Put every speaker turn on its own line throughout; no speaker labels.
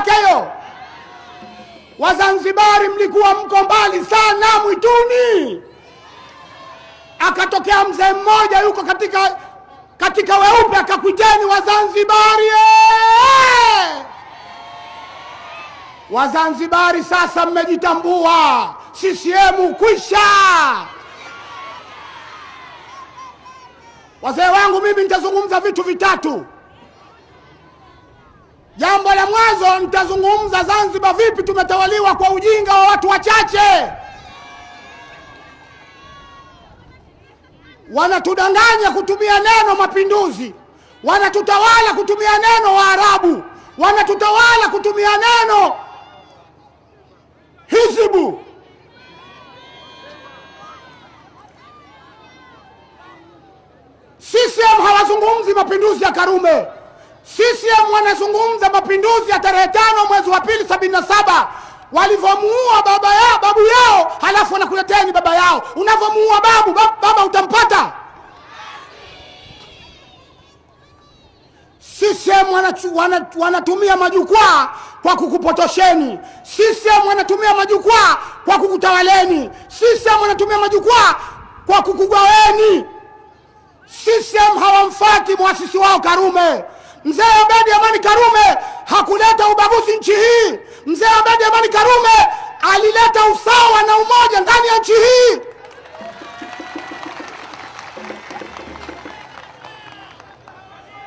kwake Wazanzibari mlikuwa mko mbali sana mwituni, akatokea mzee mmoja yuko katika katika weupe, akakwiteni Wazanzibari ee! Wazanzibari sasa mmejitambua, CCM kwisha. Wazee wangu, mimi nitazungumza vitu vitatu Jambo la mwanzo nitazungumza Zanzibar vipi tumetawaliwa kwa ujinga wa watu wachache. Wanatudanganya kutumia neno mapinduzi, wanatutawala kutumia neno Waarabu, wanatutawala kutumia neno hizibu Sisi hawazungumzi mapinduzi ya Karume. CCM wanazungumza mapinduzi ya tarehe tano mwezi wa pili sabini na saba walivyomuua baba yao babu yao, halafu ni baba yao. Unavyomuua babu baba utampata. CCM wanatumia majukwaa kwa kukupotosheni. CCM wanatumia majukwaa kwa kukutawaleni. CCM wanatumia majukwaa kwa kukugaweni. CCM hawamfati mwasisi wao Karume. Mzee Abedi Amani Karume hakuleta ubaguzi nchi hii. Mzee Abedi Amani Karume alileta usawa na umoja ndani ya nchi hii.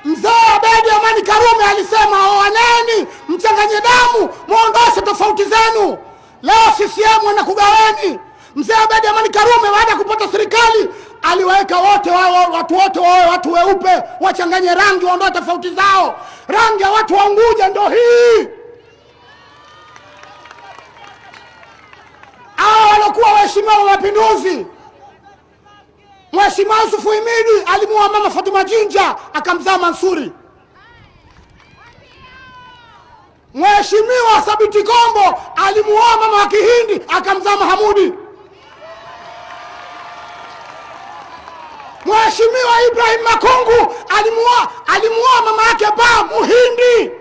Mzee Abedi Amani Karume alisema oaneni, mchanganye damu, mwondoshe tofauti zenu. Leo CCM anakugaweni Mzee Abedi Amani Karume baada ya kupata serikali aliwaweka wote wao, watu wote wawe watu weupe, wachanganye rangi, waondoe tofauti zao. Rangi ya watu wa ndo hii. Hawa walokuwa waheshimiwa wa mapinduzi, Mheshimiwa Yusufu imidi alimuoa mama Fatuma Jinja akamzaa Mansuri. Mheshimiwa Sabiti Kombo alimuoa mama wa Kihindi akamzaa Mahamudi. Mheshimiwa Ibrahim Makungu alimuoa alimuoa mama yake ba Muhindi.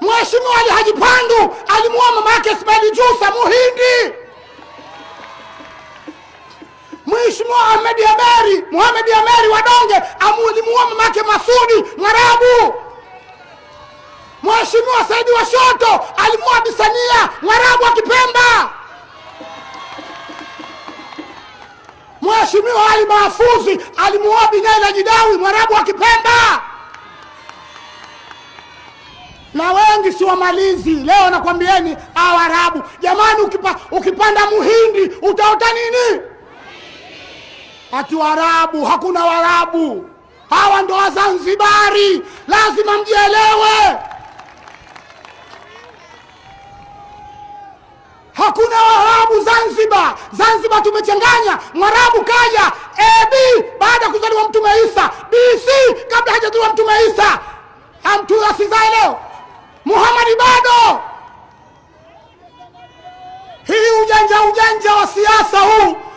Mheshimiwa Ali Haji Pandu alimuoa mama yake Ismail Jusa Muhindi. Mheshimiwa Ahmed Ameri Mohamed Ameri Wadonge alimuoa mama yake Masudi Mwarabu. Mheshimiwa Saidi Washoto alimuoa Bisania Mwarabu wa Kipemba. Mheshimiwa Ali alimuoa Binai Naila Jidawi, Mwarabu wa Kipemba, na wengi si wamalizi. Leo nakwambieni Awarabu jamani, ukipa, ukipanda muhindi utaota nini? Ati Waarabu? Hakuna Waarabu, hawa ndo Wazanzibari. Lazima mjielewe, hakuna Waarabu. Zanzibar. Zanzibar tumechanganya, Mwarabu kaja AB baada ya kuzaliwa Mtume Isa, BC kabla hajazaliwa Mtume Isa, amtu asizae leo, Muhamadi bado. Hii ujanja ujanja wa siasa huu